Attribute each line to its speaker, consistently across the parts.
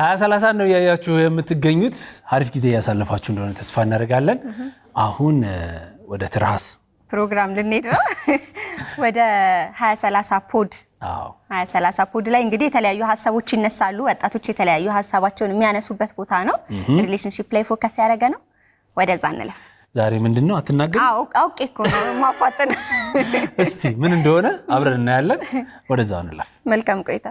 Speaker 1: ሀያ ሰላሳ ነው እያያችሁ የምትገኙት። አሪፍ ጊዜ እያሳለፋችሁ እንደሆነ ተስፋ እናደርጋለን። አሁን ወደ ትርሃስ
Speaker 2: ፕሮግራም ልንሄድ ነው። ወደ ሀያ ሰላሳ ፖድ ሀያ ሰላሳ ፖድ ላይ እንግዲህ የተለያዩ ሀሳቦች ይነሳሉ። ወጣቶች የተለያዩ ሀሳባቸውን የሚያነሱበት ቦታ ነው። ሪሌሽንሽፕ ላይ ፎከስ ያደረገ ነው። ወደዛ እንለፍ።
Speaker 1: ዛሬ ምንድን ነው አትናገር?
Speaker 2: አውቄ እኮ ማፋጠን።
Speaker 1: እስቲ ምን እንደሆነ አብረን እናያለን። ወደዛ እንለፍ።
Speaker 2: መልካም ቆይታ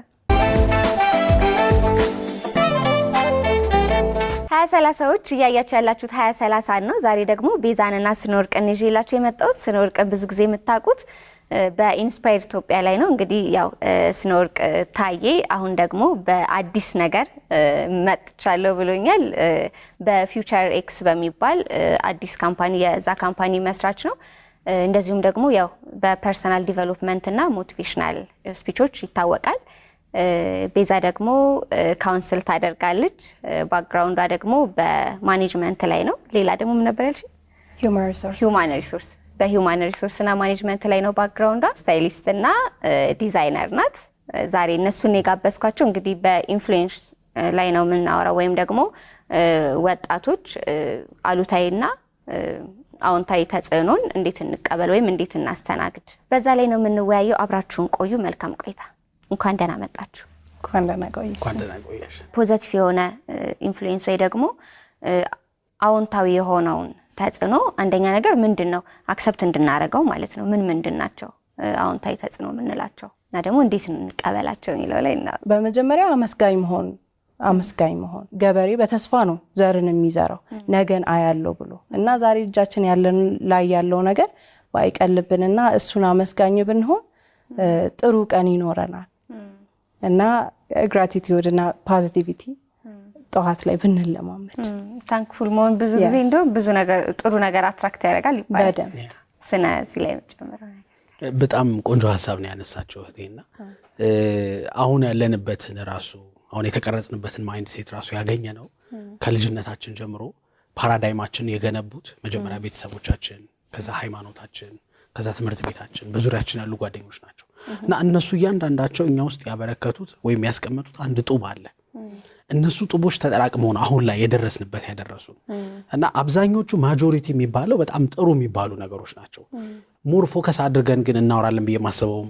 Speaker 2: ሀያ ሰላሳዎች እያያችሁ ያላችሁት ሀያ ሰላሳ ነው። ዛሬ ደግሞ ቤዛንና ስነወርቅን ይዤላችሁ የመጣሁት ስነወርቅን ብዙ ጊዜ የምታውቁት በኢንስፓየር ኢትዮጵያ ላይ ነው። እንግዲህ ያው ስነወርቅ ታዬ አሁን ደግሞ በአዲስ ነገር መጥቻለሁ ብሎኛል። በፊውቸር ኤክስ በሚባል አዲስ ካምፓኒ የዛ ካምፓኒ መስራች ነው። እንደዚሁም ደግሞ ያው በፐርሰናል ዲቨሎፕመንት እና ሞቲቬሽናል ስፒቾች ይታወቃል። ቤዛ ደግሞ ካውንስል ታደርጋለች። ባክግራውንዷ ደግሞ በማኔጅመንት ላይ ነው። ሌላ ደግሞ ምን ነበር ያልሽ? ሂውማን ሪሶርስ። በሂውማን ሪሶርስ እና ማኔጅመንት ላይ ነው ባክግራውንዷ። ስታይሊስት እና ዲዛይነር ናት። ዛሬ እነሱን የጋበዝኳቸው እንግዲህ በኢንፍሉዌንስ ላይ ነው የምናወራው፣ ወይም ደግሞ ወጣቶች አሉታዊና አዎንታዊ ተጽዕኖን እንዴት እንቀበል ወይም እንዴት እናስተናግድ፣ በዛ ላይ ነው የምንወያየው። አብራችሁን ቆዩ። መልካም ቆይታ እንኳን ደህና መጣችሁ።
Speaker 3: እንኳን ደህና
Speaker 1: ቆየሽ።
Speaker 2: ፖዘቲቭ የሆነ ኢንፍሉዌንስ ወይ ደግሞ አዎንታዊ የሆነውን ተጽዕኖ አንደኛ ነገር ምንድን ነው አክሰፕት እንድናደርገው ማለት ነው። ምን ምንድን ናቸው አዎንታዊ ተጽዕኖ የምንላቸው እና ደግሞ እንዴት እንቀበላቸው የሚለው ላይ እና
Speaker 3: በመጀመሪያ አመስጋኝ መሆን አመስጋኝ መሆን ገበሬ በተስፋ ነው ዘርን የሚዘራው ነገን አያለው ብሎ እና ዛሬ እጃችን ያለን ላይ ያለው ነገር ባይቀልብንና እሱን አመስጋኝ ብንሆን ጥሩ ቀን ይኖረናል። እና ግራቲቲዩድ እና ፖዚቲቪቲ ጠዋት ላይ ብንለማመድ
Speaker 2: ታንክፉል መሆን ብዙ ጊዜ እንዲሁም ብዙ ጥሩ ነገር አትራክት ያደርጋል ይባላል። ስለዚህ ላይ መጨመር
Speaker 1: በጣም ቆንጆ ሀሳብ ነው ያነሳቸው እህቴና አሁን ያለንበትን ራሱ አሁን የተቀረጽንበትን ማይንድ ሴት ራሱ ያገኘ ነው ከልጅነታችን ጀምሮ ፓራዳይማችን የገነቡት መጀመሪያ ቤተሰቦቻችን፣ ከዛ ሃይማኖታችን፣ ከዛ ትምህርት ቤታችን፣ በዙሪያችን ያሉ ጓደኞች ናቸው። እና እነሱ እያንዳንዳቸው እኛ ውስጥ ያበረከቱት ወይም ያስቀመጡት አንድ ጡብ አለ። እነሱ ጡቦች ተጠራቅመው ነው አሁን ላይ የደረስንበት ያደረሱ እና አብዛኞቹ ማጆሪቲ የሚባለው በጣም ጥሩ የሚባሉ ነገሮች ናቸው። ሞር ፎከስ አድርገን ግን እናወራለን ብዬ ማስበውም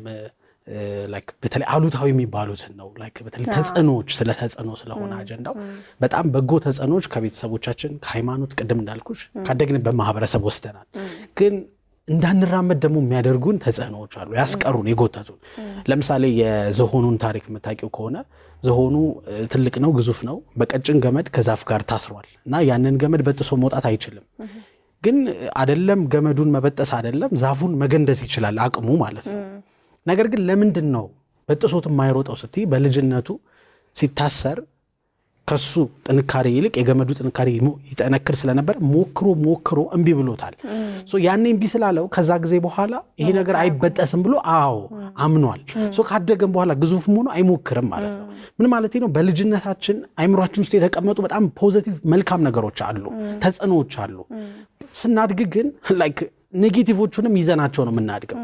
Speaker 1: በተለይ አሉታዊ የሚባሉትን ነው። በተለይ ተጽዕኖዎች ስለ ተጽዕኖ ስለሆነ አጀንዳው በጣም በጎ ተጽዕኖዎች ከቤተሰቦቻችን፣ ከሃይማኖት፣ ቅድም እንዳልኩሽ ካደግንበት ማህበረሰብ ወስደናል ግን እንዳንራመድ ደግሞ የሚያደርጉን ተጽዕኖዎች አሉ፣ ያስቀሩን፣ የጎተቱን። ለምሳሌ የዝሆኑን ታሪክ የምታውቂው ከሆነ ዝሆኑ ትልቅ ነው፣ ግዙፍ ነው። በቀጭን ገመድ ከዛፍ ጋር ታስሯል እና ያንን ገመድ በጥሶ መውጣት አይችልም። ግን አደለም ገመዱን መበጠስ አደለም ዛፉን መገንደስ ይችላል፣ አቅሙ ማለት ነው። ነገር ግን ለምንድን ነው በጥሶት የማይሮጠው ስትይ በልጅነቱ ሲታሰር ከሱ ጥንካሬ ይልቅ የገመዱ ጥንካሬ ይጠነክር ስለነበር ሞክሮ ሞክሮ እምቢ ብሎታል። ያኔ እምቢ ስላለው ከዛ ጊዜ በኋላ ይሄ ነገር አይበጠስም ብሎ አዎ አምኗል። ካደገም በኋላ ግዙፍ ሆኖ አይሞክርም ማለት ነው። ምን ማለት ነው? በልጅነታችን አይምሯችን ውስጥ የተቀመጡ በጣም ፖዘቲቭ መልካም ነገሮች አሉ፣ ተጽዕኖዎች አሉ። ስናድግ ግን ኔጌቲቮቹንም ይዘናቸው ነው የምናድገው።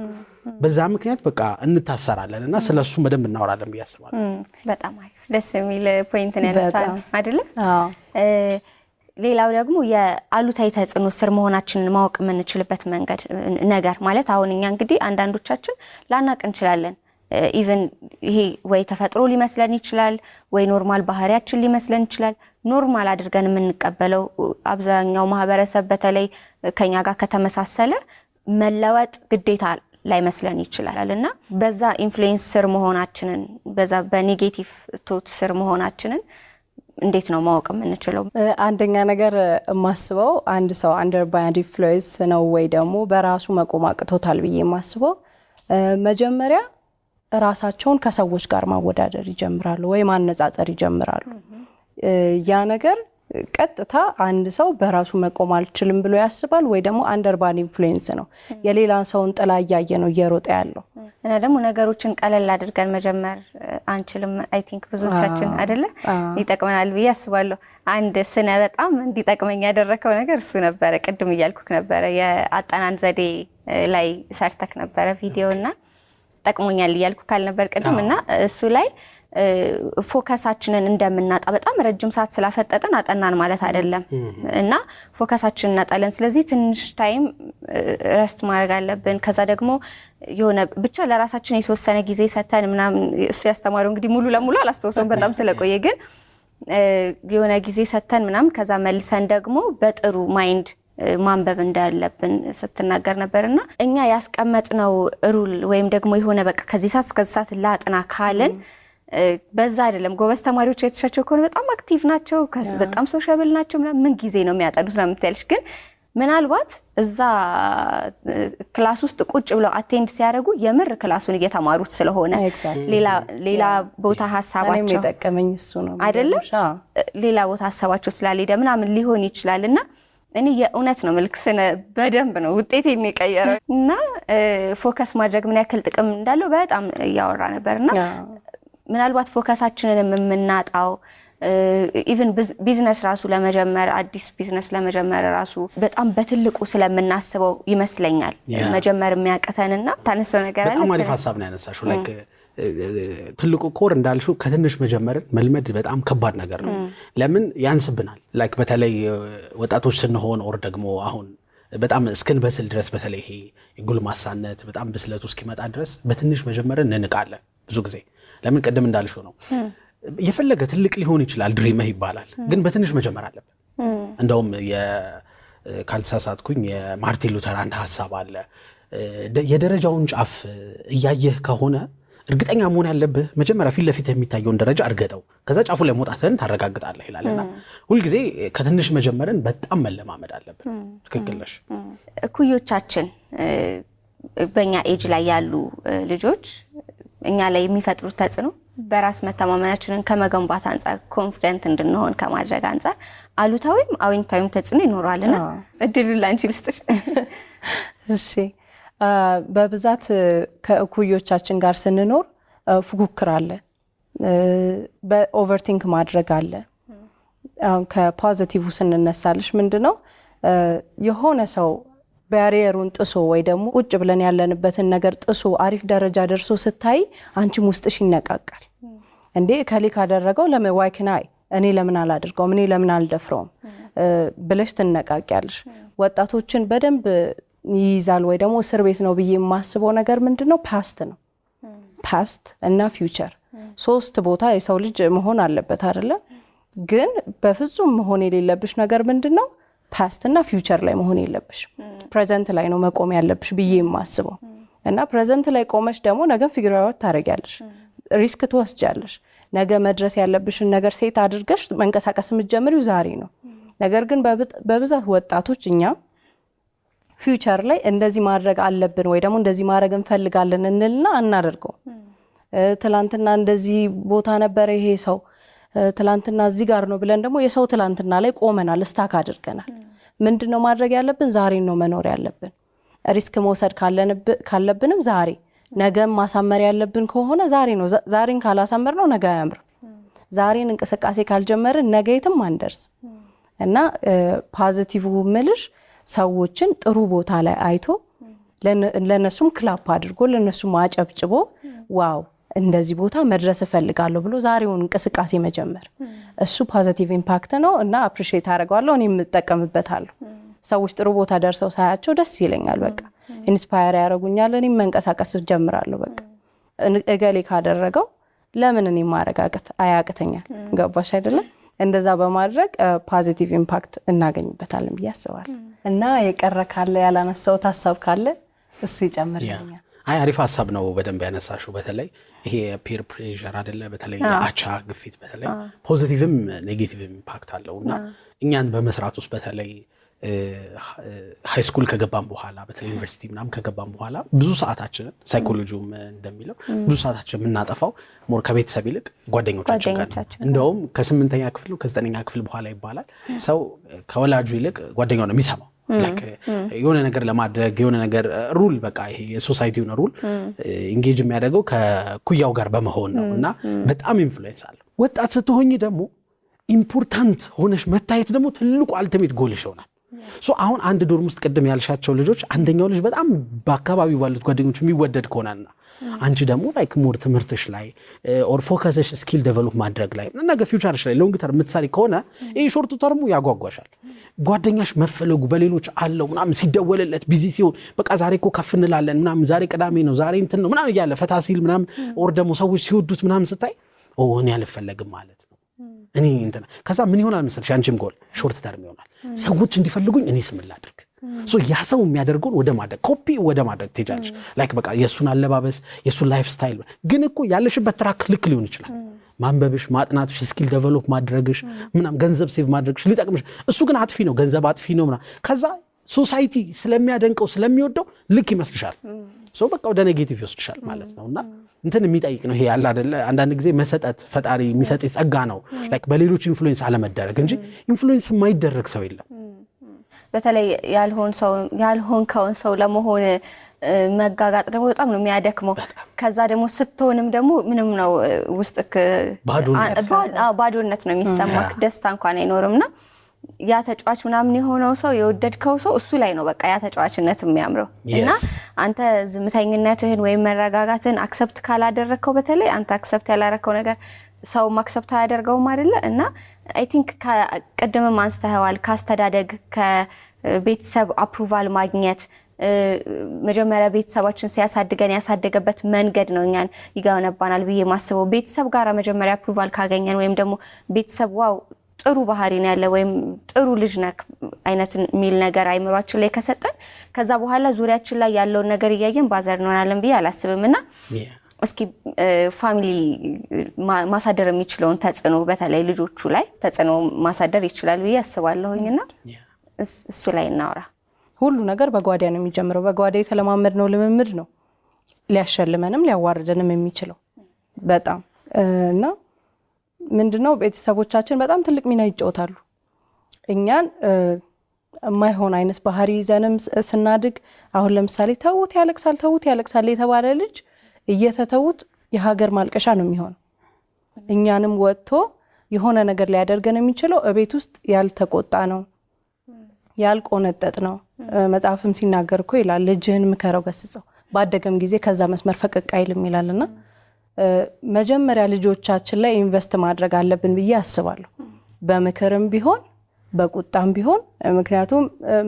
Speaker 1: በዛ ምክንያት በቃ እንታሰራለን እና ስለ እሱም በደንብ እናወራለን ብዬ አስባለሁ።
Speaker 2: በጣም አሪፍ ደስ የሚል ፖይንት ነው ያነሳው አይደለ? ሌላው ደግሞ የአሉታዊ ተጽዕኖ ስር መሆናችንን ማወቅ የምንችልበት መንገድ ነገር ማለት አሁን እኛ እንግዲህ አንዳንዶቻችን ላናቅ እንችላለን። ኢቨን ይሄ ወይ ተፈጥሮ ሊመስለን ይችላል፣ ወይ ኖርማል ባህሪያችን ሊመስለን ይችላል። ኖርማል አድርገን የምንቀበለው አብዛኛው ማህበረሰብ በተለይ ከኛ ጋር ከተመሳሰለ መለወጥ ግዴታ ላይመስለን ይችላል እና በዛ ኢንፍሉዌንስ ስር መሆናችንን በዛ በኔጌቲቭ ቶት ስር መሆናችንን እንዴት ነው ማወቅ የምንችለው?
Speaker 3: አንደኛ ነገር የማስበው አንድ ሰው አንደር ባድ ኢንፍሉዌንስ ነው ወይ ደግሞ በራሱ መቆም አቅቶታል ብዬ የማስበው መጀመሪያ ራሳቸውን ከሰዎች ጋር ማወዳደር ይጀምራሉ ወይ ማነጻጸር ይጀምራሉ። ያ ነገር ቀጥታ አንድ ሰው በራሱ መቆም አልችልም ብሎ ያስባል፣ ወይ ደግሞ አንደርባን ኢንፍሉዌንስ ነው የሌላ ሰውን ጥላ እያየ ነው እየሮጠ ያለው።
Speaker 2: እና ደግሞ ነገሮችን ቀለል አድርገን መጀመር አንችልም። አይ ቲንክ ብዙዎቻችን አይደለ ይጠቅመናል ብዬ አስባለሁ። አንድ ስነ በጣም እንዲጠቅመኝ ያደረከው ነገር እሱ ነበረ። ቅድም እያልኩክ ነበረ የአጠናን ዘዴ ላይ ሰርተክ ነበረ ቪዲዮ እና ጠቅሞኛል እያልኩ ካልነበር ቅድም እና እሱ ላይ ፎከሳችንን እንደምናጣ በጣም ረጅም ሰዓት ስላፈጠጥን አጠናን ማለት አይደለም እና ፎከሳችንን እናጣለን። ስለዚህ ትንሽ ታይም ረስት ማድረግ አለብን። ከዛ ደግሞ የሆነ ብቻ ለራሳችን የተወሰነ ጊዜ ሰተን ምናምን እሱ ያስተማረው እንግዲህ ሙሉ ለሙሉ አላስታውሰውም በጣም ስለቆየ ግን የሆነ ጊዜ ሰተን ምናምን ከዛ መልሰን ደግሞ በጥሩ ማይንድ ማንበብ እንዳለብን ስትናገር ነበር እና እኛ ያስቀመጥነው ሩል ወይም ደግሞ የሆነ በቃ ከዚህ ሰዓት እስከዚህ ሰዓት ላጥና ካልን በዛ አይደለም ጎበዝ ተማሪዎች የተሻቸው ከሆነ በጣም አክቲቭ ናቸው፣ በጣም ሶሻብል ናቸው። ምን ጊዜ ነው የሚያጠኑት ነው የምትያለሽ። ግን ምናልባት እዛ ክላስ ውስጥ ቁጭ ብለው አቴንድ ሲያደርጉ የምር ክላሱን እየተማሩት ስለሆነ ሌላ ቦታ ሀሳባቸው
Speaker 3: የጠቀመኝ እሱ ነው
Speaker 2: አይደለም፣ ሌላ ቦታ ሀሳባቸው ስላልሄደ ምናምን ሊሆን ይችላል እና እኔ የእውነት ነው ምልክ ስነ በደንብ ነው ውጤት የቀየረው እና ፎከስ ማድረግ ምን ያክል ጥቅም እንዳለው በጣም እያወራ ነበር እና ምናልባት ፎከሳችንን የምናጣው ኢቨን ቢዝነስ ራሱ ለመጀመር አዲስ ቢዝነስ ለመጀመር ራሱ በጣም በትልቁ ስለምናስበው ይመስለኛል መጀመር የሚያቅተንና ታነሰው ነገር
Speaker 1: በጣም አሪፍ ሀሳብ ነው ያነሳሽው። ትልቁ ኮር እንዳልሽው ከትንሽ መጀመርን መልመድ በጣም ከባድ ነገር ነው። ለምን ያንስብናል። ላይክ በተለይ ወጣቶች ስንሆን ኦር ደግሞ አሁን በጣም እስክንበስል ድረስ በተለይ ይሄ ጉልማሳነት በጣም ብስለቱ እስኪመጣ ድረስ በትንሽ መጀመርን እንንቃለን። ብዙ ጊዜ ለምን ቅድም እንዳልሽው ነው የፈለገ ትልቅ ሊሆን ይችላል ድሪምህ ይባላል፣ ግን በትንሽ መጀመር አለብን። እንደውም ካልተሳሳትኩኝ የማርቲን ሉተር አንድ ሀሳብ አለ። የደረጃውን ጫፍ እያየህ ከሆነ እርግጠኛ መሆን ያለብህ መጀመሪያ ፊት ለፊት የሚታየውን ደረጃ እርገጠው፣ ከዛ ጫፉ ላይ መውጣትህን ታረጋግጣለህ ይላልና ሁልጊዜ ከትንሽ መጀመርን በጣም መለማመድ አለብን። ትክክል ነሽ።
Speaker 2: እኩዮቻችን በእኛ ኤጅ ላይ ያሉ ልጆች እኛ ላይ የሚፈጥሩት ተጽዕኖ በራስ መተማመናችንን ከመገንባት አንጻር ኮንፊደንት እንድንሆን ከማድረግ አንጻር አሉታዊም አዎንታዊም ተጽዕኖ ይኖረዋልና እድሉ ላንቺ ልስጥሽ።
Speaker 3: እሺ፣ በብዛት ከእኩዮቻችን ጋር ስንኖር ፉክክር አለ፣ በኦቨርቲንክ ማድረግ አለ። ከፖዚቲቭ ስንነሳልሽ ምንድነው የሆነ ሰው ባሪየሩን ጥሶ ወይ ደግሞ ቁጭ ብለን ያለንበትን ነገር ጥሶ አሪፍ ደረጃ ደርሶ ስታይ አንቺም ውስጥሽ ይነቃቃል። እንዴ እከሌ ካደረገው ለምን ዋይክናይ እኔ ለምን አላደርገውም እኔ ለምን አልደፍረውም ብለሽ ትነቃቂያለሽ። ወጣቶችን በደንብ ይይዛል ወይ ደግሞ እስር ቤት ነው ብዬ የማስበው ነገር ምንድን ነው? ፓስት ነው ፓስት እና ፊውቸር ሶስት ቦታ የሰው ልጅ መሆን አለበት አይደለ? ግን በፍጹም መሆን የሌለብሽ ነገር ምንድን ነው ፓስት እና ፊውቸር ላይ መሆን የለብሽ ፕሬዘንት ላይ ነው መቆም ያለብሽ ብዬ የማስበው እና ፕሬዘንት ላይ ቆመሽ ደግሞ ነገን ፊግር አውት ታደርጊያለሽ፣ ሪስክ ትወስጃለሽ። ነገ መድረስ ያለብሽን ነገር ሴት አድርገሽ መንቀሳቀስ የምትጀምሪው ዛሬ ነው። ነገር ግን በብዛት ወጣቶች እኛ ፊውቸር ላይ እንደዚህ ማድረግ አለብን ወይ ደግሞ እንደዚህ ማድረግ እንፈልጋለን እንልና አናደርገው። ትላንትና እንደዚህ ቦታ ነበረ ይሄ ሰው ትላንትና እዚህ ጋር ነው ብለን ደግሞ የሰው ትላንትና ላይ ቆመናል፣ ስታክ አድርገናል። ምንድን ነው ማድረግ ያለብን? ዛሬን ነው መኖር ያለብን። ሪስክ መውሰድ ካለብንም ዛሬ፣ ነገም ማሳመር ያለብን ከሆነ ዛሬ ነው። ዛሬን ካላሳመር ነው ነገ አያምርም። ዛሬን እንቅስቃሴ ካልጀመርን ነገ የትም አንደርስ እና ፓዚቲቭ ምልሽ ሰዎችን ጥሩ ቦታ ላይ አይቶ ለነሱም ክላፕ አድርጎ ለነሱም አጨብጭቦ ዋው እንደዚህ ቦታ መድረስ እፈልጋለሁ ብሎ ዛሬውን እንቅስቃሴ መጀመር እሱ ፖዘቲቭ ኢምፓክት ነው እና አፕሪሼት አደርገዋለሁ። እኔ የምጠቀምበታለሁ። ሰዎች ጥሩ ቦታ ደርሰው ሳያቸው ደስ ይለኛል። በቃ ኢንስፓየር ያደረጉኛል። እኔም መንቀሳቀስ ጀምራለሁ። በቃ እገሌ ካደረገው ለምን እኔ ማረጋገጥ አያቅተኛል? ገባሽ አይደለም? እንደዛ በማድረግ ፖዚቲቭ ኢምፓክት እናገኝበታለን ብዬ አስባለሁ። እና የቀረ ካለ ያላነሳውት ሀሳብ ካለ እሱ ይጨምርልኛል።
Speaker 1: አይ አሪፍ ሀሳብ ነው። በደንብ ያነሳሽው በተለይ ይሄ ፔር ፕሬዠር አደለ በተለይ አቻ ግፊት በተለይ ፖዚቲቭም ኔጌቲቭ ኢምፓክት አለው እና እኛን በመስራት ውስጥ በተለይ ሃይ ስኩል ከገባም በኋላ በተለይ ዩኒቨርሲቲ ምናም ከገባም በኋላ ብዙ ሰዓታችንን ሳይኮሎጂውም እንደሚለው ብዙ ሰዓታችን የምናጠፋው ሞር ከቤተሰብ ይልቅ ጓደኞቻችን ጋር እንደውም ከስምንተኛ ክፍል ከዘጠነኛ ክፍል በኋላ ይባላል ሰው ከወላጁ ይልቅ ጓደኛው ነው የሚሰማው የሆነ ነገር ለማድረግ የሆነ ነገር ሩል በቃ ይሄ የሶሳይቲውን ሩል ኢንጌጅ የሚያደርገው ከኩያው ጋር በመሆን ነው እና በጣም ኢንፍሉዌንስ አለው። ወጣት ስትሆኝ ደግሞ ኢምፖርታንት ሆነሽ መታየት ደግሞ ትልቁ አልቲሜት ጎልሽ ይሆናል። አሁን አንድ ዶርም ውስጥ ቅድም ያልሻቸው ልጆች አንደኛው ልጅ በጣም በአካባቢው ባሉት ጓደኞች የሚወደድ ከሆነና አንቺ ደግሞ ላይክ ሞር ትምህርትሽ ላይ ኦር ፎከስሽ ስኪል ደቨሎፕ ማድረግ ላይ ነገ ፊውቸርሽ ላይ ሎንግ ተርም የምትሰሪ ከሆነ ይህ ሾርቱ ተርሙ ያጓጓሻል። ጓደኛሽ መፈለጉ በሌሎች አለው ምናምን ሲደወልለት ቢዚ ሲሆን በቃ ዛሬ እኮ ከፍ እንላለን ምናምን ዛሬ ቅዳሜ ነው ዛሬ እንትን ነው ምናምን እያለ ፈታ ሲል ምናምን ኦር ደግሞ ሰዎች ሲወዱት ምናምን ስታይ እኔ አልፈለግም ማለት ነው እኔ እንትን ከዛ ምን ይሆናል መሰለሽ አንቺም ጎል ሾርት ተርም ይሆናል ሰዎች እንዲፈልጉኝ እኔ ስም ላድርግ ያ ሰው የሚያደርገውን ወደ ማድረግ ኮፒ ወደ ማድረግ ትሄጃለች። ላይክ በቃ የእሱን አለባበስ የእሱን ላይፍ ስታይል። ግን እኮ ያለሽበት ትራክ ልክ ሊሆን ይችላል። ማንበብሽ፣ ማጥናትሽ፣ ስኪል ደቨሎፕ ማድረግሽ ምናምን ገንዘብ ሴቭ ማድረግሽ ሊጠቅምሽ፣ እሱ ግን አጥፊ ነው፣ ገንዘብ አጥፊ ነው ምናምን ከዛ ሶሳይቲ ስለሚያደንቀው ስለሚወደው ልክ ይመስልሻል። ሰው በቃ ወደ ኔጌቲቭ ይወስድሻል ማለት ነው። እና እንትን የሚጠይቅ ነው ይሄ ያለ አይደለ። አንዳንድ ጊዜ መሰጠት ፈጣሪ የሚሰጥ ጸጋ ነው። ላይክ በሌሎች ኢንፍሉዌንስ አለመደረግ እንጂ ኢንፍሉዌንስ የማይደረግ ሰው የለም።
Speaker 2: በተለይ ያልሆንከውን ሰው ለመሆን መጋጋጥ ደግሞ በጣም ነው የሚያደክመው። ከዛ ደግሞ ስትሆንም ደግሞ ምንም ነው ውስጥ ባዶነት ነው የሚሰማክ፣ ደስታ እንኳን አይኖርም። እና ያ ተጫዋች ምናምን የሆነው ሰው የወደድከው ሰው እሱ ላይ ነው በቃ ያ ተጫዋችነት የሚያምረው። እና አንተ ዝምተኝነትህን ወይም መረጋጋትህን አክሰፕት ካላደረግከው፣ በተለይ አንተ አክሰፕት ያላረግከው ነገር ሰው አክሰፕት አያደርገውም አይደለ እና አይ ቲንክ ቅድምም አንስተኸዋል። ከአስተዳደግ ከቤተሰብ አፕሩቫል ማግኘት መጀመሪያ ቤተሰባችን ሲያሳድገን ያሳደገበት መንገድ ነው እኛን ይገነባናል ብዬ ማስበው። ቤተሰብ ጋር መጀመሪያ አፕሩቫል ካገኘን ወይም ደግሞ ቤተሰብ ዋው ጥሩ ባህሪ ነው ያለ ወይም ጥሩ ልጅ ነክ አይነት የሚል ነገር አይምሯችን ላይ ከሰጠን ከዛ በኋላ ዙሪያችን ላይ ያለውን ነገር እያየን ባዘር እንሆናለን ብዬ አላስብም እና እስኪ ፋሚሊ ማሳደር የሚችለውን ተጽዕኖ በተለይ ልጆቹ ላይ ተጽዕኖ ማሳደር ይችላል ብዬ አስባለሁኝና እሱ ላይ እናወራ።
Speaker 3: ሁሉ ነገር በጓዳ ነው የሚጀምረው። በጓዳ ነው ልምምድ ነው ሊያሸልመንም ሊያዋርደንም የሚችለው በጣም እና ምንድነው ቤተሰቦቻችን በጣም ትልቅ ሚና ይጫወታሉ። እኛን የማይሆን አይነት ባህሪ ይዘንም ስናድግ አሁን ለምሳሌ ተዉት ያለቅሳል፣ ተዉት ያለቅሳል የተባለ ልጅ እየተተዉት የሀገር ማልቀሻ ነው የሚሆነው። እኛንም ወጥቶ የሆነ ነገር ሊያደርገን የሚችለው እቤት ውስጥ ያልተቆጣ ነው ያልቆነጠጥ ነው። መጽሐፍም ሲናገር እኮ ይላል ልጅህን ምከረው ገስጸው፣ ባደገም ጊዜ ከዛ መስመር ፈቀቅ አይልም ይላልና መጀመሪያ ልጆቻችን ላይ ኢንቨስት ማድረግ አለብን ብዬ አስባለሁ። በምክርም ቢሆን በቁጣም ቢሆን ምክንያቱም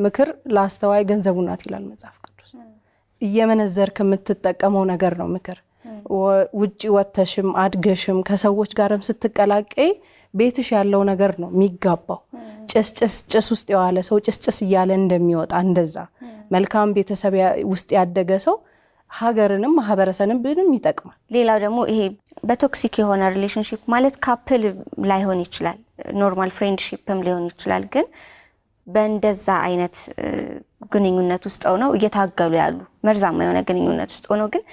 Speaker 3: ምክር ለአስተዋይ ገንዘቡ ናት ይላል መጽሐፍ። እየመነዘር ከምትጠቀመው ነገር ነው ምክር። ውጭ ወተሽም አድገሽም ከሰዎች ጋርም ስትቀላቀይ ቤትሽ ያለው ነገር ነው የሚጋባው። ጭስጭስ ጭስ ውስጥ የዋለ ሰው ጭስጭስ እያለ እንደሚወጣ እንደዛ መልካም ቤተሰብ ውስጥ ያደገ ሰው ሀገርንም ማህበረሰብንም ብንም ይጠቅማል።
Speaker 2: ሌላው ደግሞ ይሄ በቶክሲክ የሆነ ሪሌሽንሽፕ ማለት ካፕል ላይሆን ይችላል፣ ኖርማል ፍሬንድሺፕም ሊሆን ይችላል ግን በእንደዛ አይነት ግንኙነት ውስጥ ሆነው እየታገሉ ያሉ መርዛማ የሆነ ግንኙነት ውስጥ ሆነው ግን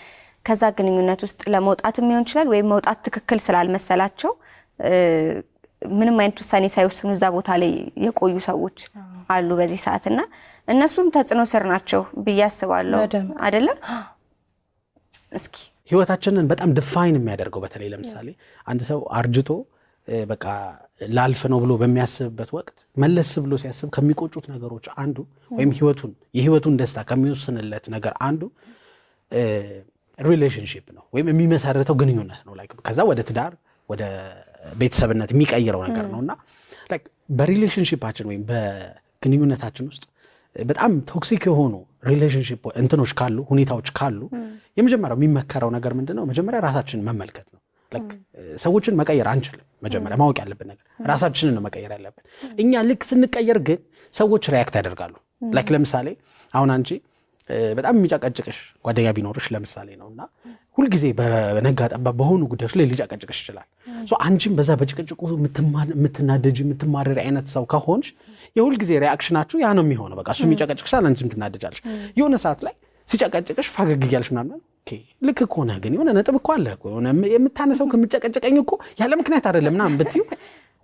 Speaker 2: ከዛ ግንኙነት ውስጥ ለመውጣት የሚሆን ይችላል ወይም መውጣት ትክክል ስላልመሰላቸው ምንም አይነት ውሳኔ ሳይወስኑ እዛ ቦታ ላይ የቆዩ ሰዎች አሉ በዚህ ሰዓት እና እነሱም ተጽዕኖ ስር ናቸው ብዬ አስባለሁ። አይደለም እስኪ
Speaker 1: ህይወታችንን በጣም ድፋይን የሚያደርገው በተለይ ለምሳሌ አንድ ሰው አርጅቶ በቃ ላልፍ ነው ብሎ በሚያስብበት ወቅት መለስ ብሎ ሲያስብ ከሚቆጩት ነገሮች አንዱ ወይም ህይወቱን የህይወቱን ደስታ ከሚወስንለት ነገር አንዱ ሪሌሽንሽፕ ነው ወይም የሚመሰርተው ግንኙነት ነው። ከዛ ወደ ትዳር ወደ ቤተሰብነት የሚቀይረው ነገር ነው እና በሪሌሽንሽፓችን ወይም በግንኙነታችን ውስጥ በጣም ቶክሲክ የሆኑ ሪሌሽንሽፕ እንትኖች ካሉ ሁኔታዎች ካሉ የመጀመሪያው የሚመከረው ነገር ምንድነው መጀመሪያ ራሳችን መመልከት ነው። ሰዎችን መቀየር አንችልም። መጀመሪያ ማወቅ ያለብን ነገር ራሳችንን ነው መቀየር ያለብን። እኛ ልክ ስንቀየር ግን ሰዎች ሪያክት ያደርጋሉ። ላይክ ለምሳሌ አሁን አንቺ በጣም የሚጫቀጭቅሽ ጓደኛ ቢኖርሽ ለምሳሌ ነው እና ሁልጊዜ በነጋ ጠባ በሆኑ ጉዳዮች ላይ ሊጫቀጭቅሽ ይችላል። አንቺም በዛ በጭቅጭቁ የምትናደጅ የምትማረር አይነት ሰው ከሆንሽ የሁልጊዜ ሪያክሽናችሁ ያ ነው የሚሆነው። በቃ እሱ የሚጫቀጭቅሻል፣ አንቺም ትናደጃለሽ። የሆነ ሰዓት ላይ ሲጫቀጭቅሽ ፈገግ እያለሽ ምናምን ልክ ከሆነ ግን የሆነ ነጥብ እኮ አለ የምታነሰው ከምጨቀጨቀኝ እኮ ያለ ምክንያት አይደለም ምናምን ብትይው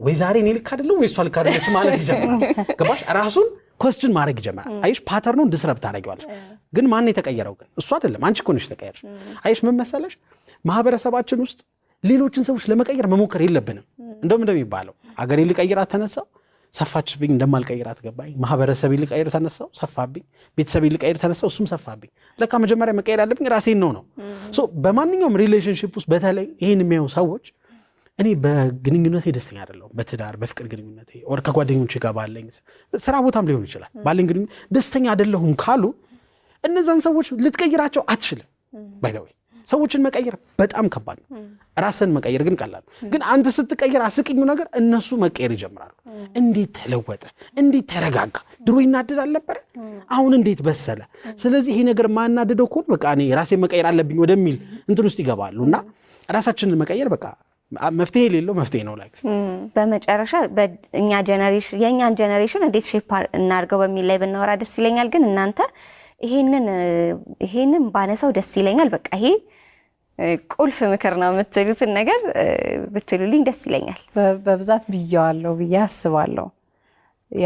Speaker 1: ወይ ዛሬ እኔ ልክ አይደለም ወይ እሷ ልክ አይደለች ማለት ይጀምራል። ገባሽ? ራሱን ኮስችን ማድረግ ይጀምራል። አይሽ ፓተርኑን እንድስረብ ታደርጊዋለሽ። ግን ማን የተቀየረው ግን እሱ አይደለም፣ አንቺ እኮ ነሽ አይሽ ምን መሰለሽ፣ ማህበረሰባችን ውስጥ ሌሎችን ሰዎች ለመቀየር መሞከር የለብንም። እንደውም እንደሚባለው አገሬ ልቀይራት ተነሳው ሰፋችብኝ እንደማልቀይራት ገባኝ። ማህበረሰብ ልቀይር ተነሳው ሰፋብኝ፣ ቤተሰብ ልቀይር ተነሳው እሱም ሰፋብኝ። ለካ መጀመሪያ መቀየር ያለብኝ ራሴን ነው ነው በማንኛውም ሪሌሽንሽፕ ውስጥ በተለይ ይህን የሚያዩ ሰዎች እኔ በግንኙነቴ ደስተኛ አይደለሁም፣ በትዳር በፍቅር ግንኙነቴ ወር ከጓደኞች ጋር ባለኝ ስራ ቦታም ሊሆን ይችላል ባለኝ ግንኙነት ደስተኛ አይደለሁም ካሉ እነዛን ሰዎች ልትቀይራቸው አትችልም ባይተወይ ሰዎችን መቀየር በጣም ከባድ ነው። ራስን መቀየር ግን ቀላል። ግን አንተ ስትቀየር አስቂኙ ነገር እነሱ መቀየር ይጀምራሉ። እንዴት ተለወጠ? እንዴት ተረጋጋ? ድሮ ይናደድ አልነበረ? አሁን እንዴት በሰለ? ስለዚህ ይሄ ነገር ማናደደው ከሆነ በቃ እኔ ራሴን መቀየር አለብኝ ወደሚል እንትን ውስጥ ይገባሉ እና ራሳችንን መቀየር በቃ መፍትሄ የሌለው መፍትሄ ነው። ላይክ
Speaker 2: በመጨረሻ በእኛ ጀነሬሽን የእኛን ጀኔሬሽን እንዴት ሼፕ እናድርገው በሚል ላይ ብናወራ ደስ ይለኛል። ግን እናንተ ይሄንን ይሄንን ባነሳው ደስ ይለኛል። በቃ ይሄ ቁልፍ ምክር ነው የምትሉትን ነገር ብትሉልኝ ደስ ይለኛል።
Speaker 3: በብዛት ብያዋለሁ ብዬ አስባለሁ።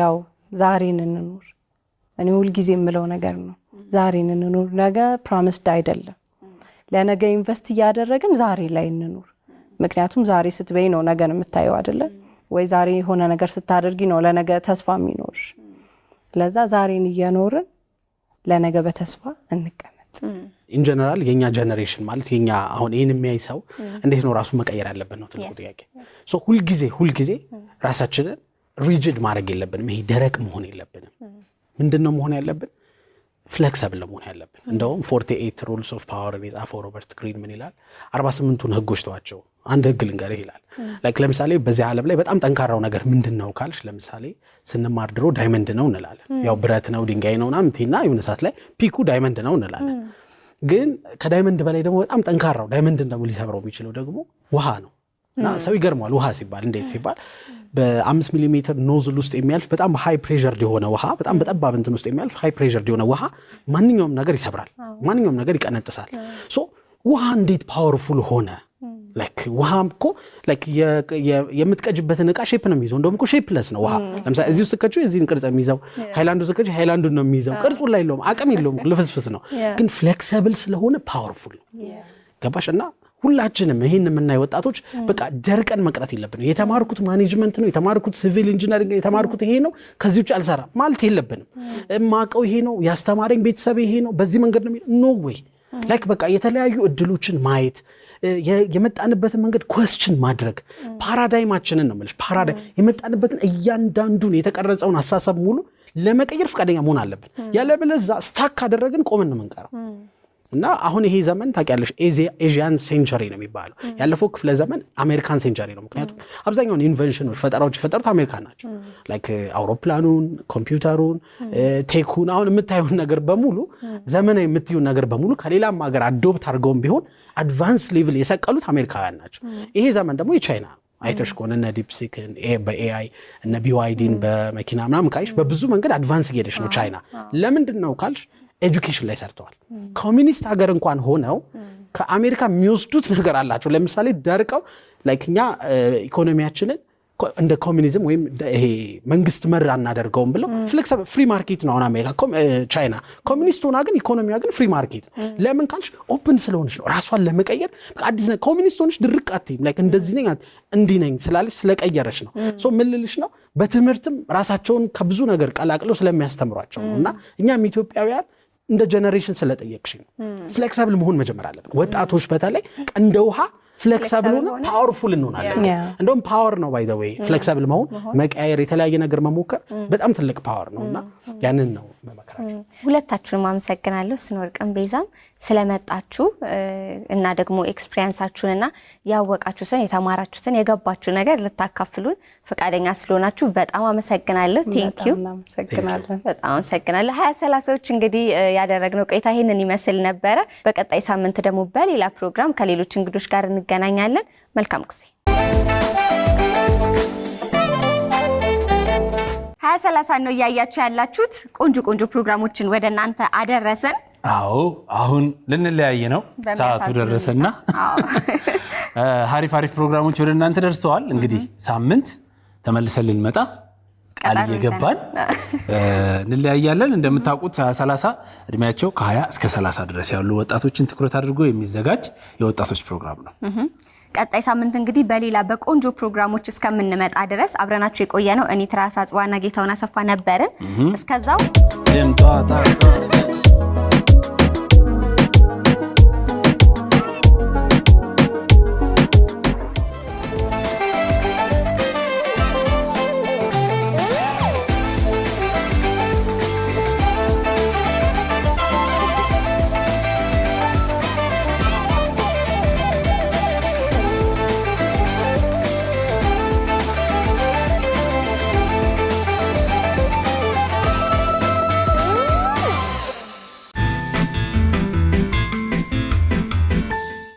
Speaker 3: ያው ዛሬን እንኑር፣ እኔ ሁልጊዜ የምለው ነገር ነው። ዛሬን እንኑር፣ ነገ ፕሮሚስድ አይደለም። ለነገ ኢንቨስት እያደረግን ዛሬ ላይ እንኑር። ምክንያቱም ዛሬ ስትበይ ነው ነገን የምታየው አይደለ ወይ? ዛሬ የሆነ ነገር ስታደርጊ ነው ለነገ ተስፋ የሚኖርሽ። ለዛ ዛሬን እየኖርን ለነገ በተስፋ እንቀመ
Speaker 1: ኢንጀነራል የኛ ጀነሬሽን ማለት የኛ አሁን ይህን የሚያይ ሰው እንዴት ነው ራሱ መቀየር ያለበት ነው ትልቁ ጥያቄ። ሁልጊዜ ሁልጊዜ ራሳችንን ሪጅድ ማድረግ የለብንም። ይሄ ደረቅ መሆን የለብንም። ምንድን ነው መሆን ያለብን? ፍለክሰብል መሆን ያለብን። እንደውም ፎርቲ ኤይት ሩልስ ኦፍ ፓወርን የጻፈው ሮበርት ግሪን ምን ይላል? አርባ ስምንቱን ህጎች ተዋቸው አንድ ህግ ልንገርህ ይላል። ላይክ ለምሳሌ በዚህ ዓለም ላይ በጣም ጠንካራው ነገር ምንድን ነው ካልሽ፣ ለምሳሌ ስንማር ድሮ ዳይመንድ ነው እንላለን። ያው ብረት ነው ድንጋይ ነው ምናምን እንትና የሆነ ሰዓት ላይ ፒኩ ዳይመንድ ነው እንላለን። ግን ከዳይመንድ በላይ ደግሞ በጣም ጠንካራው ዳይመንድን ደግሞ ሊሰብረው የሚችለው ደግሞ ውሃ ነው። እና ሰው ይገርመዋል። ውሃ ሲባል እንዴት ሲባል በአምስት ሚሊ ሜትር ኖዝል ውስጥ የሚያልፍ በጣም ሃይ ፕሬር የሆነ ውሃ በጣም በጠባብ እንትን ውስጥ የሚያልፍ ሃይ ፕሬር የሆነ ውሃ ማንኛውም ነገር ይሰብራል፣ ማንኛውም ነገር ይቀነጥሳል። ሶ ውሃ እንዴት ፓወርፉል ሆነ ላይክ ውሃም እኮ ላይክ የምትቀጅበትን እቃ ሼፕ ነው የሚይዘው። እንደውም እኮ ሼፕለስ ነው ውሃ። ለምሳሌ እዚሁ ስቀጩ የዚህን ቅርጽ የሚይዘው ሀይላንዱ ስቀጩ ሃይላንዱን ነው የሚይዘው። ቅርጹን ላይ የለውም፣ አቅም የለውም፣ ልፍስፍስ ነው። ግን ፍሌክሰብል ስለሆነ ፓወርፉል ነው። ገባሽ? እና ሁላችንም ይህን የምናይ ወጣቶች በቃ ደርቀን መቅረት የለብንም። የተማርኩት ማኔጅመንት ነው፣ የተማርኩት ሲቪል ኢንጂነሪንግ፣ የተማርኩት ይሄ ነው፣ ከዚህ ውጭ አልሰራም ማለት የለብንም። እማቀው ይሄ ነው፣ ያስተማረኝ ቤተሰብ ይሄ ነው፣ በዚህ መንገድ ነው ኖ ወይ ላይክ በቃ የተለያዩ እድሎችን ማየት የመጣንበትን መንገድ ኮስችን ማድረግ ፓራዳይማችንን ነው የምልሽ። ፓራዳይም የመጣንበትን እያንዳንዱን የተቀረጸውን አሳሰብ ሙሉ ለመቀየር ፈቃደኛ መሆን አለብን። ያለበለዚያ ስታክ ካደረግን ቆመን ነው የምንቀረው። እና አሁን ይሄ ዘመን ታውቂያለሽ ኤዥያን ሴንቸሪ ነው የሚባለው። ያለፈው ክፍለ ዘመን አሜሪካን ሴንቸሪ ነው። ምክንያቱም አብዛኛውን ኢንቨንሽኖች፣ ፈጠራዎች የፈጠሩት አሜሪካን ናቸው። ላይክ አውሮፕላኑን፣ ኮምፒውተሩን፣ ቴኩን አሁን የምታየውን ነገር በሙሉ ዘመናዊ የምትዩን ነገር በሙሉ ከሌላም ሀገር አዶፕት አድርገውም ቢሆን አድቫንስ ሌቭል የሰቀሉት አሜሪካውያን ናቸው። ይሄ ዘመን ደግሞ የቻይና ነው። አይተሽ ከሆነ እነ ዲፕሲክን በኤአይ እነ ቢዋይዲን በመኪና ምናምን ካይሽ በብዙ መንገድ አድቫንስ እየሄደች ነው ቻይና። ለምንድን ነው ካልሽ ኤጁኬሽን ላይ ሰርተዋል። ኮሚኒስት ሀገር እንኳን ሆነው ከአሜሪካ የሚወስዱት ነገር አላቸው። ለምሳሌ ደርቀው ላይክ እኛ ኢኮኖሚያችንን እንደ ኮሚኒዝም ወይም ይሄ መንግስት መር አናደርገውም ብለው ፍሌክስ ፍሪ ማርኬት ነው አሁን አሜሪካ ቻይና ኮሚኒስት ሆና ግን ኢኮኖሚያ ግን ፍሪ ማርኬት ለምን ካልሽ ኦፕን ስለሆነች ነው ራሷን ለመቀየር አዲስ ነገር ኮሚኒስት ሆነች ድርቅ አትይም ላይክ እንደዚህ ነኝ እንዲህ ነኝ ስላለች ስለቀየረች ነው ሶ ምን ልልሽ ነው በትምህርትም ራሳቸውን ከብዙ ነገር ቀላቅለው ስለሚያስተምሯቸው ነው እና እኛም ኢትዮጵያውያን እንደ ጀነሬሽን ስለጠየቅሽ ነው። ፍሌክሳብል መሆን መጀመር አለብን። ወጣቶች በተለይ እንደ ውሃ ፍሌክሳብል ሆነ ፓወርፉል እንሆናለን። እንደውም ፓወር ነው ባይ ዘ ዌይ ፍሌክሳብል መሆን፣ መቀያየር፣ የተለያየ ነገር መሞከር በጣም ትልቅ ፓወር ነው እና ያንን ነው
Speaker 2: ሁለታችሁንም አመሰግናለሁ ስንወርቅም ቤዛም ስለመጣችሁ እና ደግሞ ኤክስፒሪየንሳችሁን እና ያወቃችሁትን የተማራችሁትን የገባችሁ ነገር ልታካፍሉን ፈቃደኛ ስለሆናችሁ በጣም አመሰግናለሁ። ቴንኪው በጣም አመሰግናለሁ። ሀያ ሰላሳዎች እንግዲህ ያደረግነው ቆይታ ይህንን ይመስል ነበረ። በቀጣይ ሳምንት ደግሞ በሌላ ፕሮግራም ከሌሎች እንግዶች ጋር እንገናኛለን። መልካም ጊዜ ሀያ ሰላሳ ነው እያያችሁ ያላችሁት። ቆንጆ ቆንጆ ፕሮግራሞችን ወደ እናንተ አደረሰን።
Speaker 1: አዎ አሁን ልንለያየ ነው፣ ሰዓቱ ደረሰና ሀሪፍ ሀሪፍ ፕሮግራሞች ወደ እናንተ ደርሰዋል። እንግዲህ ሳምንት ተመልሰን ልንመጣ ቃል እየገባን እንለያያለን። እንደምታውቁት 2030 እድሜያቸው ከ20 እስከ 30 ድረስ ያሉ ወጣቶችን ትኩረት አድርጎ የሚዘጋጅ የወጣቶች ፕሮግራም ነው።
Speaker 2: ቀጣይ ሳምንት እንግዲህ በሌላ በቆንጆ ፕሮግራሞች እስከምንመጣ ድረስ አብረናችሁ የቆየ ነው። እኔ ትራሳ ጽዋና ጌታውን አሰፋ ነበርን። እስከዛው